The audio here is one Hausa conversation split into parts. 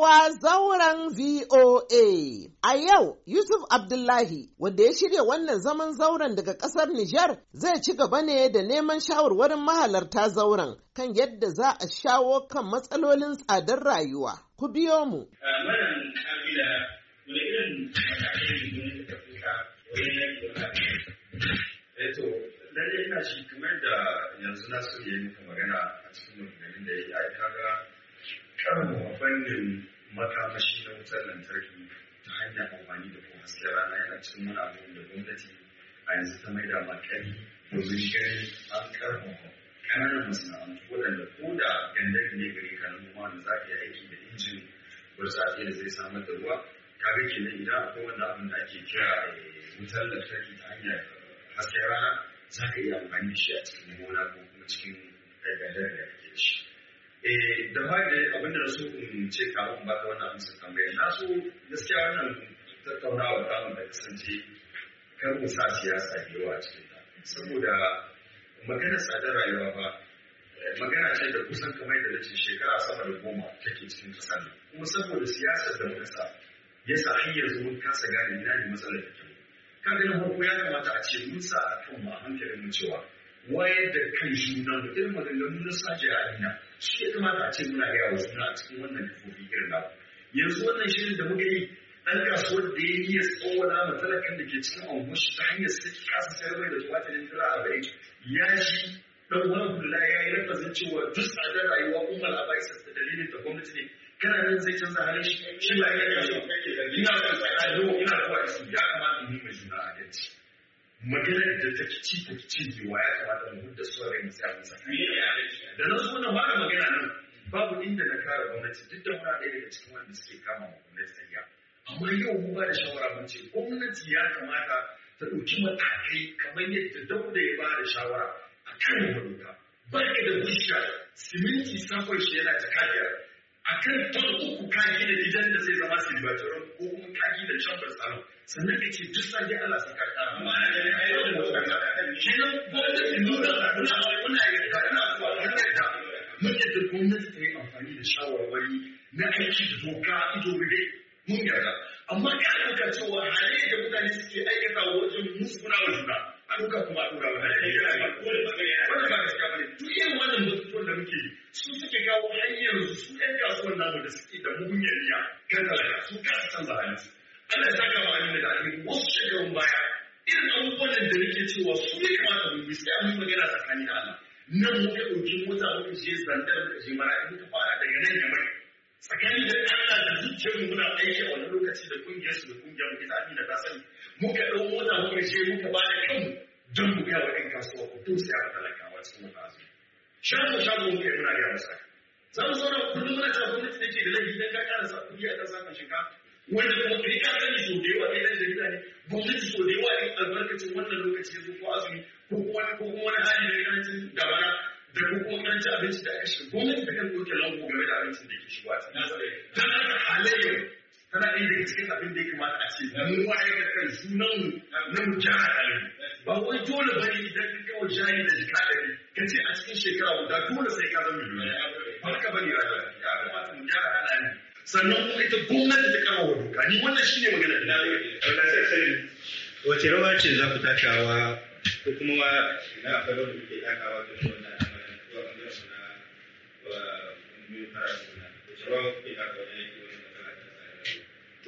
shigowa zauren VOA. A yau, Yusuf Abdullahi, wanda ya shirya wannan zaman zauren daga ƙasar Nijar, zai ci gaba ne da neman shawarwarin mahalarta zauren kan yadda za a shawo kan matsalolin tsadar rayuwa. Ku biyo mu. Eh, kamar da yanzu na so yi magana a cikin da ya yi kaga kama fannin makamashi na wutar lantarki ta hanyar amfani da kuma hasken rana yana cikin wani abu da gwamnati a yanzu ta maida makari domin ganin an karfafa ƙananan masana'antu waɗanda ko da gandar ne gari ka noma da za ka yi aiki da injin burtsatse da zai samar da ruwa kaga kenan idan akwai wanda abin da ake kira eh, wutar lantarki ta hanyar hasken rana za ka iya amfani da shi a cikin gona ko kuma cikin eh, gandar gari Eh, da ba fari abinda na so in ce kafin ba ka wannan amsa tambaya na so gaskiya wannan tattaunawa ta mu da kasance kar mu sa siyasa da yawa cikin ta saboda magana tsadar rayuwa ba eh, magana ce da kusan kamar da nace shekara sama da goma take cikin kasar kuma saboda siyasar da muka sa yasa har yanzu mun kasa gane ina ne matsalar da ke kan na farko ya kamata a ce mun sa a kan mu a hankalin mu cewa wayar da kan juna da irin na sace a rina shi ya kamata a ce muna gaya wa juna a cikin wannan kafofi irin nawa yanzu wannan shirin da muka yi ɗan kasuwar da ya yi ya tsawala ma talakan da ke cikin anguwashi ta hanyar saki kasa sayar mai da tumatirin a bai ya shi dan wani kula ya yi zan cewa duk tsadar rayuwa umar a bai sassa dalilin da gwamnati ne kana nan zai canza halin shi shi ba ya yi ina da tsakanin ina da ya kamata mu yi mai juna a yanci. maganar da ta ci ta ci wa ya kamata mu da su rai mu da nan su wannan wannan magana nan babu inda na kare gwamnati duk da muna daya daga cikin wanda suke kama gwamnati ta ya amma yau mu ba da shawara mun ce gwamnati ya kamata ta ɗauki matakai kamar yadda dauda ya ba da shawara a kan gwamnati ba da bishiya siminti sakon shi yana jaka biyar a kan uku ka da gidan da zai zama su ko kuma ka da chamber salon sannan ka ce duk sanje Allah sai ka kara amma ana ganin ai wannan bukata nan gwamnati nuna da kuna wai kuna yarda kuna zuwa kuna yarda muke da gwamnati ta yi amfani da shawarwari na aiki da doka ido bude mun yarda amma ka ɗauka cewa halayyar da mutane suke aikata wajen muskuna wa juna a duka kuma a ɗora wa halayyar da mutane ba gaskiya ba ne duk irin wannan batutuwan da muke yi su suke kawo hanyar su ɗan kasuwan namu da suke da munyar ya kan talaka su kasa canza halin su Allah ya saka wa da ake wasu shekarun baya irin abubuwan da nake cewa su ne kamata mu yi sai mun magana tsakani da Allah nan muke ɗauki mota muka je zandar da je mara ta fara daga nan ya mai tsakani da Allah da zuciyar mu muna aiki a wani lokaci da kungiyar su da kungiyar mu ita abin da ta sani muka ɗau mota muka je muka ba da kanmu don mu ga wa ɗan kasuwa ku to sai a talakawa cikin shago shago muke muna gaya sa zan zo zauna kullum na cewa gwamnati da ke da laifi don ka ƙara sa kuɗi a ƙasa kan shiga wanda kuma kai ka sani so da yawa kai da jarida ne gwamnati so da yawa in albarkacin wannan lokaci ya zo ko azumi ko kuma ko kuma wani hali na ƙarancin dabara da ko kuma ƙarancin abinci da ake shi gwamnati ta kan ɗauke lanko game da abincin da ke shigowa cikin nasa da halayyar tana ɗaya daga cikin abin da ya kamata a ce mu ma'aikatan sunan na mu gyara ɗari ba wai dole bane idan ka kawo shayi da jika ɗari ka ce a cikin shekara guda dole sai ka zama miliyoniya ba ka bane raja ya kamata mu gyara ɗari sannan kuma ita gwamnati ta kawo wa doka ni wannan shine magana da na sai wace rawa ce za ku takawa ko kuma wa na akwai da ke takawa da wannan al'amarin ko a wa mu fara suna wace rawa ke takawa da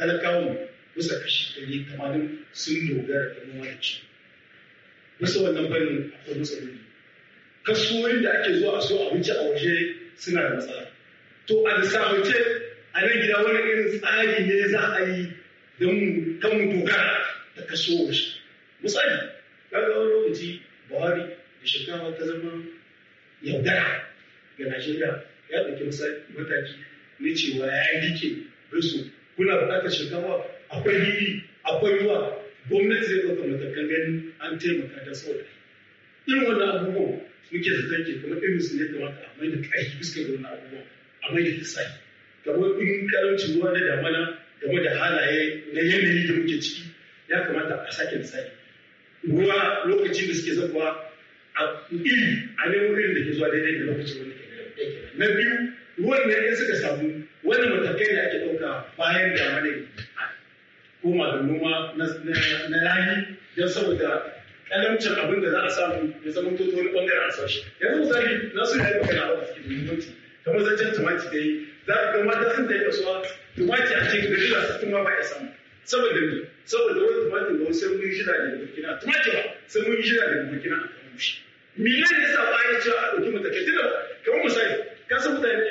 talakawan bisa kashi ɗari tamanin sun dogara da noma da ci bisa wannan fannin akwai matsaloli kasuwoyin da ake zuwa a so abinci a waje suna da matsala to a lissafance a nan gida wani irin tsari ne za a yi don kan dogara da kaso shi. misali kaga wani lokaci buhari da shekara ta zama yaudara ga najeriya ya ɗauki mataki na cewa ya yi rike bai kuna buƙatar shugaba akwai hili akwai ruwa gwamnati zai ɗauka matakan gani an taimaka da saboda irin wannan abubuwan muke da tanke kuma irin su ne da wata mai da ƙarfi fuskar wannan abubuwan amai da fisai kamar in karancin ruwa na damana game da halaye na yanayi da muke ciki ya kamata a sake misali ruwa lokacin da suke zakuwa a iri a nemo irin da ke zuwa daidai da lokacin wani ke na biyu ruwan na in suka samu wani matakai da ake ɗauka bayan da ne koma da noma na rani don saboda kalamcin abin da za a samu ya zama toto wani ɓangare a sashi yanzu misali na su yi magana ba cikin ke muhimmanci kamar zancen tumaki da yi za ka ga mata sun tafi kasuwa tumaki a cikin gari da su ma ba ya samu saboda ne, saboda wani tumaki ba sai mun shida da burkina tumaki ba sai mun shida da burkina a kan shi me ne sa ba ya cewa a ɗauki matakai tunda kamar misali ka san mutane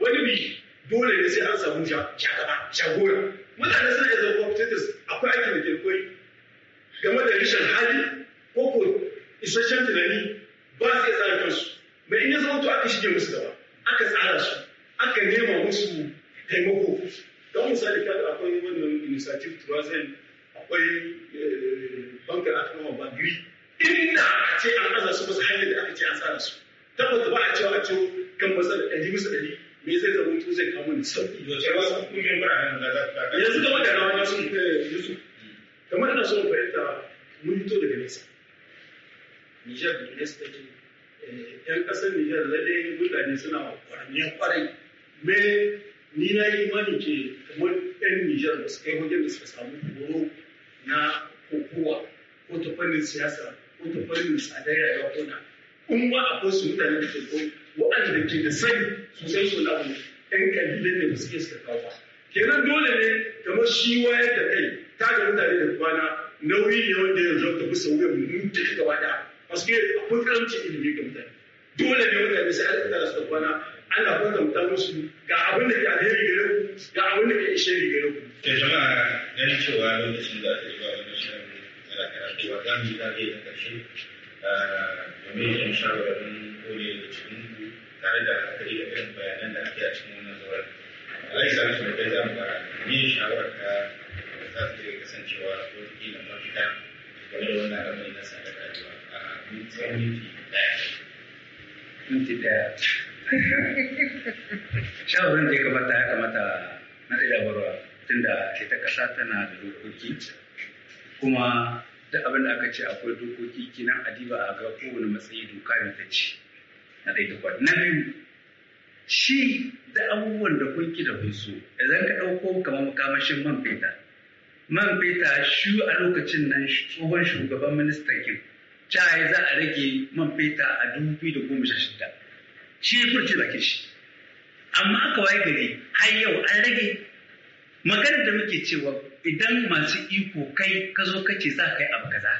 wani bi dole ne sai an samu shagaba shagora mutane suna iya zama competitors akwai aiki da kirkoi game da rishin hali ko ko isasshen tunani ba su iya tsara kansu mai in ya zama to aka shige musu gaba aka tsara su aka nema musu taimako don misali kada akwai wannan initiative turazin akwai eh, bangar akwai bagiri inda a ce an aza su masu hanyar da aka ce an tsara su tabbata ba a cewa a ce kan matsala, ɗari musu ɗari me zai zama to zai kawo ni sauki da cewa sun kungiyar biranen da za yanzu game da rawa na sun eh, yusu kamar ina son fahimta mun fito daga nesa da Nesa take ‘yan ƙasar Nijar lalle mutane suna kwarai me ni na yi imani ke kamar ‘yan Nijar da suka yi wajen da suka samu horo na kokowa ko ta fannin siyasa ko ta fannin tsadar rayuwa ko na in ma akwai su mutane da ke waɗanda ke da sani sosai su labu ɗan kalilan da ba su iya suka kawo ba kenan dole ne kamar shi wayar da kai ta ga mutane da kwana nauyi ne wanda ya zo ka bisa wuyan mu duka gaba da paske akwai karamcin ilimi ga mutane dole ne mutane sai an tsara su kwana ana kwatanta musu ga abin da ke alheri gare ku ga abin da ke isheri gare ku ke jama'a ganin cewa lokacin da ake ba wannan shirin ana karatu ba za mu yi da karshe game da shawarwari dole da cikin tare da hankali da irin bayanan da ake a cikin wannan zuwa alai sa mishi mai za mu fara ne shawarar ka za ta iya kasancewa ko kila mafita game da wannan al'amari na sa da rayuwa a tsawon minti daya minti daya shawarar da ya kamata ya kamata na ɗaya da tunda ita ƙasa tana da dokoki kuma duk abin da aka ce akwai dokoki kinan adiba a ga kowane matsayi doka ne ta ci. na ɗaya da kwad na biyu shi da abubuwan da kun da kun so idan ka ɗauko kamar makamashin man feta man feta shi a lokacin nan tsohon shugaban ministan kin caye za a rage man feta a dubu biyu da goma sha shida shi ya furce bakin shi amma aka waye gari har yau an rage maganar da muke cewa idan masu iko kai ka zo kace za ka yi abu kaza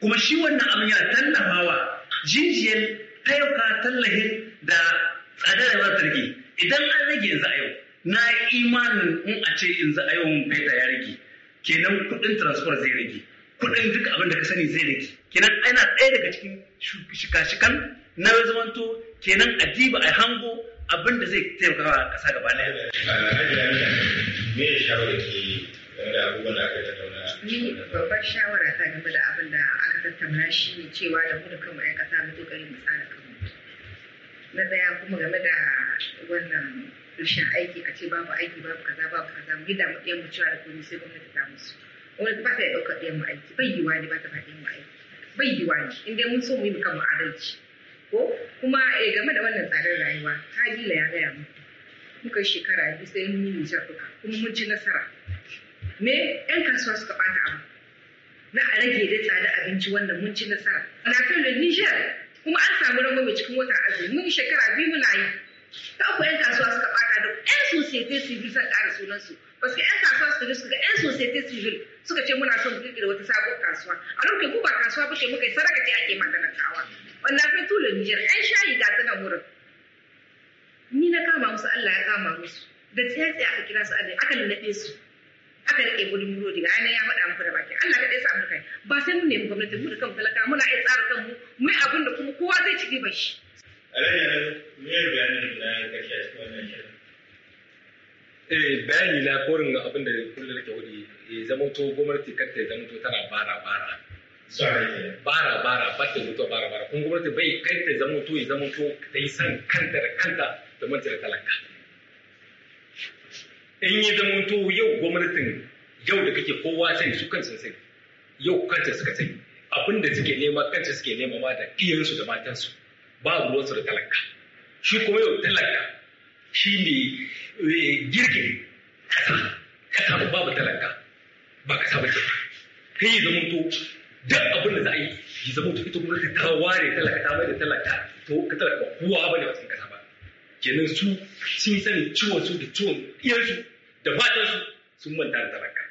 kuma shi wannan abin yana tallafawa jijiyar tayyuka tallahin da tsadar da sarki idan an rage yanzu a yau na imanin in a ce yanzu a yau feta ya rage kenan kuɗin transport zai rage kuɗin duk abin da ka sani zai rage kenan ana ɗaya daga cikin shika-shikan na zamanto kenan a diba a hango abin da zai taimaka wa ƙasa gaba ɗaya. Me ya shawara ke abubuwan da aka Ni babbar shawara ta game da abin da aka tattauna shi ne cewa da mu da kanmu 'yan ƙasa mu ƙoƙari mu tsara kanmu. Na ɗaya kuma game da wannan rashin aiki a ce babu aiki babu kaza babu kaza mu gida da mu ɗaya mu cewa da komai sai gwamnati ta musu. Wani ba ta iya ɗaukar ɗayan mu aiki bai yiwa ne ba ta faɗi mu aiki bai yiwa ne in dai mun so mu yi mu kanmu adalci. ko kuma eh game da wannan tsadar rayuwa habila ya gaya muku muka shekara biyu sai mun yi nijar kuma mun ci nasara me yan kasuwa suka bata abu na a rage da tsada abinci wannan mun ci nasara na kan da nijar kuma an samu rangwame cikin watan azumi mun shekara biyu muna yi ta ku yan kasuwa societe civil zan ƙara sunansu basu yan kasuwa su tafi ga yan societe civil suka ce muna son da wata sabuwar kasuwa a lokacin ku ba kasuwa ba ce muka yi saraka ce ake magana kawa, wannan fa tula Niger yan shayi ga tana wurin ni na kama musu Allah ya kama musu da tsaye aka kira su aka lullaɓe su aka rike gudun muro daga yana ya faɗa muku da baki Allah ka sa amurka ba sai mun nemi gwamnati mu da kan talaka muna iya tsara kanmu mu abin da kuma kowa zai ci riba shi. Alayyar, me ya bayanin da ya kashe a cikin wannan shirin? Eh, bayani na korin ga abin da kullum ke wuri ya zama to gwamnati kanta ya zama to tana bara bara bara bara ba ta mutu bara bara kun gwamnati bai kai ta zama to ya zama to ta yi san kanta da kanta da manta da talaka in yi zama to yau gwamnatin yau da kake kowa sai su kansu sai yau kanta suka sai abin da suke nema kanta suke nema ma da iyansu da matansu ba ruwansu da talaka shi kuma yau talaka shi ne eh, girgin kasa kasa babu talaka ba kasa ba ce kai yi zamanto duk abin da za a yi yi zamanto ita gwamnati ta ware talaka ta mai da talaka to ka talaka kowa ba ne wasan kasa ba kenan su sun sani ciwon su da ciwon iyansu da su sun manta da talaka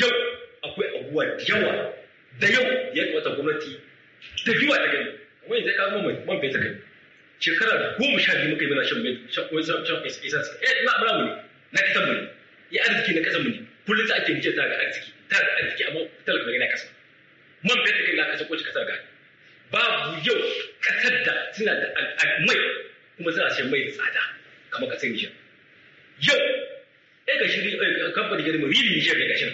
yau akwai abubuwa da yawa da yau ya kamata gwamnati ta wa ta gani wani zai ya kawo man ta gani shekara goma sha biyu muka yi muna shan mai essence eh ma mura mu ne na kasan mu ne ya arziki na kasan mu ne kullum ta ake mace ta ga arziki ta ga arziki amma talaka bai na kasa man fetur kai na kasa ko kasar ga babu yau kasar da suna da mai kuma suna shan mai da tsada kamar kasar Nijar yau eh ga shi kamfani Nijar mai rili Nijar ga shi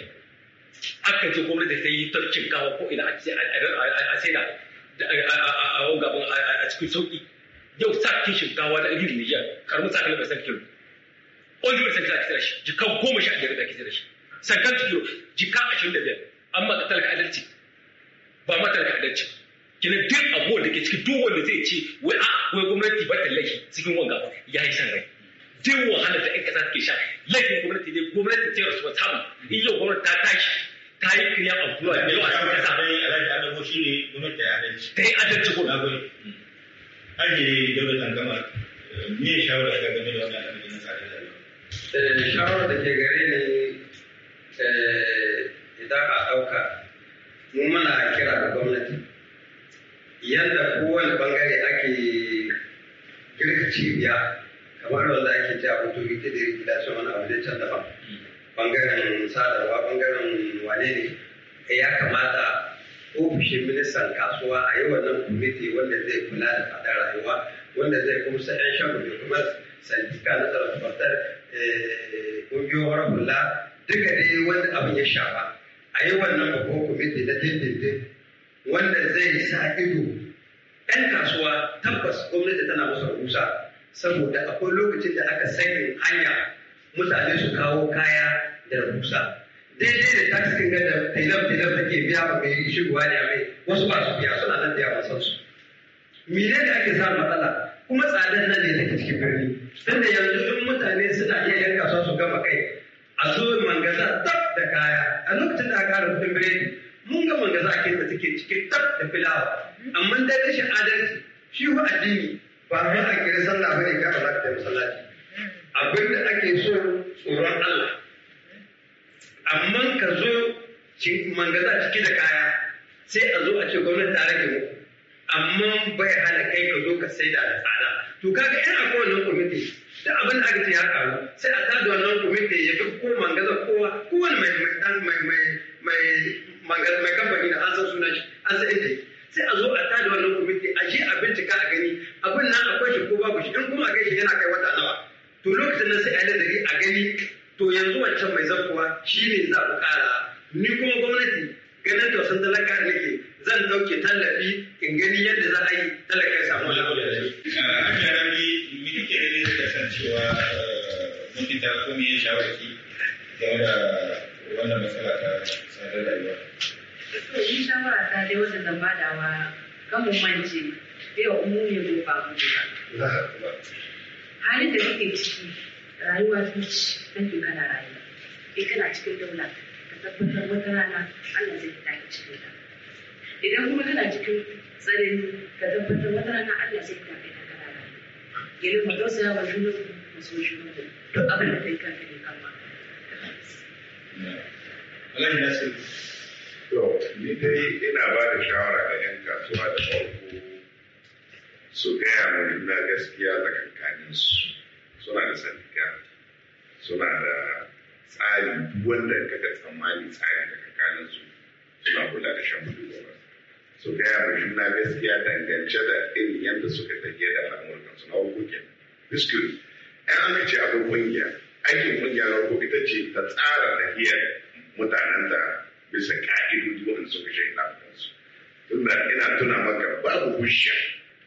akan ce gwamnati ta yi tarkin kawo ko ina a sai da a gaban a cikin sauki yau sa kishin gawa da iri Nijar karamin sa kalmar san kilo oliver sai za ki tsira shi jika goma sha biyar za ki tsira shi sankan kilo jika ashirin da biyar amma ka talaka adalci ba ma talaka adalci kina duk abubuwan da ke ciki duk wanda zai ce wai a wai gwamnati ba ta laifi cikin wanga ba ya yi san rai duk wahalar da 'yan kasa ke sha laifin gwamnati ne gwamnati ce rasu wata samu in yau gwamnati ta tashi ta yi kiriya abubuwa da yau a cikin kasa. Ta yi adalci ko. aje dole tangama me shawara ka game da wannan abin na tsare eh, da shawara da ke gare ne eh, idan a ɗauka mu muna kira ga gwamnati yadda kowane bangare ake girka cibiya kamar wanda ake ce a hoto ita da rikida su wani abu da can daban bangaren sadarwa bangaren wane ne eh, ya kamata ofishin ministan kasuwa a yi wannan kwamiti wanda zai kula da fadar rayuwa wanda zai kumsa 'yan shago da kuma sandika na transportar eh, ƙungiyoyin hula duka dai wanda abin ya shafa a yi wannan babban kwamiti na dindindin wanda zai sa ido 'yan kasuwa tabbas gwamnati tana masa rahusa saboda akwai lokacin da aka sanya hanya mutane su kawo kaya da rahusa daidai da taxin ga da tilam tilam take biya ba mai guwa ne mai wasu ba su biya suna nan biya ba su mene ne ake sa matsala kuma tsadar nan ne take cikin birni Don da yanzu in mutane suna iya yanka sa su gama kai a so mangaza tab da kaya a lokacin da aka ƙara kudin biredi mun ga mangaza a kinta take cikin tab da filawa amma dai rashin adalci shi ko addini ba mun a kira sallah bane ka za ka tafi masallaci abin da ake so mangaza cike da kaya sai a zo a ce gwamnati ta rage mu amma bai hana kai ka zo ka saida da tsada to kaga yan akwai wannan kwamiti da abin da aka ce ya karu sai a tsada wannan kwamiti ya fi ko mangaza kowa kowane mai mai mai mai mangaza mai kamfani da an san suna shi an san inda sai a zo a tsada wannan kwamiti a je a bincika a gani abin nan akwai shi ko babu shi in kuma a gaishe yana kai wata nawa to lokacin nan sai a yi ladari a gani to yanzu wancan mai zakuwa shi ne za ku kara ni kuma gwamnati ganin tausan talaka nake zan dauke tallafi in gani yadda za a yi talaka ya samu wani abu da shi. A jarabi mini ke da kasancewa eh, mutum ta komi ya shawarci game da wannan matsala ta tsadar rayuwa. To ni shawara ta dai wata zan badawa kan mu mance yau mu ne gobe ba mu ba. Halin da kake ciki rayuwa zuci kake kana rayuwa. Kai kana cikin daula tabbatar wata rana Allah zai fita ka cikin ta idan kuma kana cikin tsanani ka tabbatar wata rana Allah zai fita ka ta rana ya nufa tausaya wa junan ku so junan ku duk abin da kai kanka ne kan ma Allah ya ce to ni dai ina ba da shawara ga 'yan kasuwa da farko su gaya mana na gaskiya tsakankanin su suna da sadiqa suna da tsari wanda ga tsammani tsari da kakanin su suna kula da shan gudu su gaya ma Na gaskiya dangance da irin yadda suka tafiye da al'amuran su na hukukin biskuri yan aka ce abin kungiya aikin kungiya na ita ce ta tsara tafiyar mutanen ta bisa ka'idodi wanda suka shaida su tunda ina tuna maka babu hujja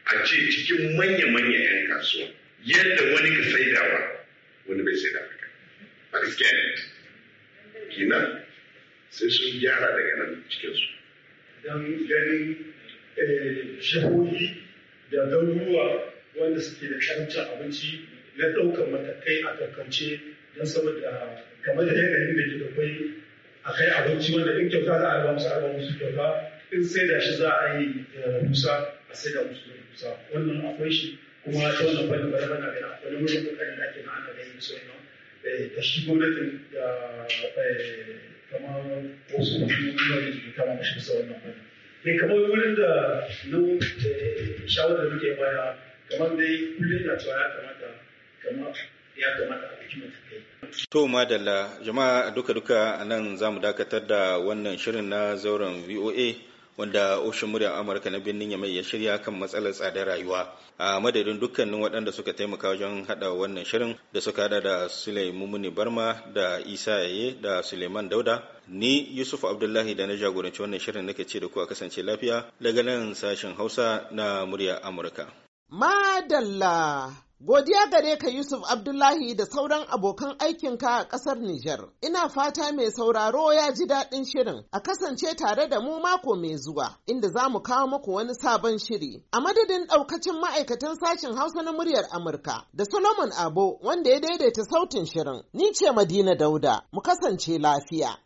a ce cikin manya-manya 'yan kasuwa yadda wani ka saidawa wani bai ba. a sai sun gyara daga nan cikinsu don ganin eh, shahohi da garuruwa wanda suke da karancin abinci na ɗaukar matakai a kankance don saboda game da yanayin da ke da kwai a kai abinci wanda in kyauta za a ba musu a musu kyauta in sai da shi za a yi musa eh, a sai da musu musa wannan akwai shi kuma ta wannan fannin bana bana ganin akwai wani kokari da ake na ana ganin su Eh, ta shi gwamnatin eh, kama wasu hukumomi wani su kama mashi bisa wannan bane bai eh, kamar wurin da nan shawarar da muke baya kamar dai kullum na cewa ya kamata kamar a bikin matakai. To madalla jama'a duka-duka a nan za mu dakatar da wannan shirin na zauren VOA wanda ofishin muryar amurka na birnin yamai ya shirya kan matsalar tsadar rayuwa a madadin dukkanin waɗanda suka taimaka wajen haɗa wannan shirin da suka haɗa da sulaimu barma da isa yaye da suleiman dauda ni yusuf abdullahi da na jagoranci wannan shirin nake ce da ku a kasance lafiya daga nan sashen hausa na muryar amurka Madalla! Godiya gare ka Yusuf Abdullahi da sauran abokan aikinka a ƙasar Nijar. Ina fata mai sauraro ya ji daɗin shirin a kasance tare da mu mako mai zuwa inda za mu kawo muku wani sabon shiri. A madadin ɗaukacin ma'aikatan sashen Hausa na muryar Amurka da Solomon Abo wanda ya daidaita sautin shirin. Ni ce Madina Dauda, mu kasance lafiya.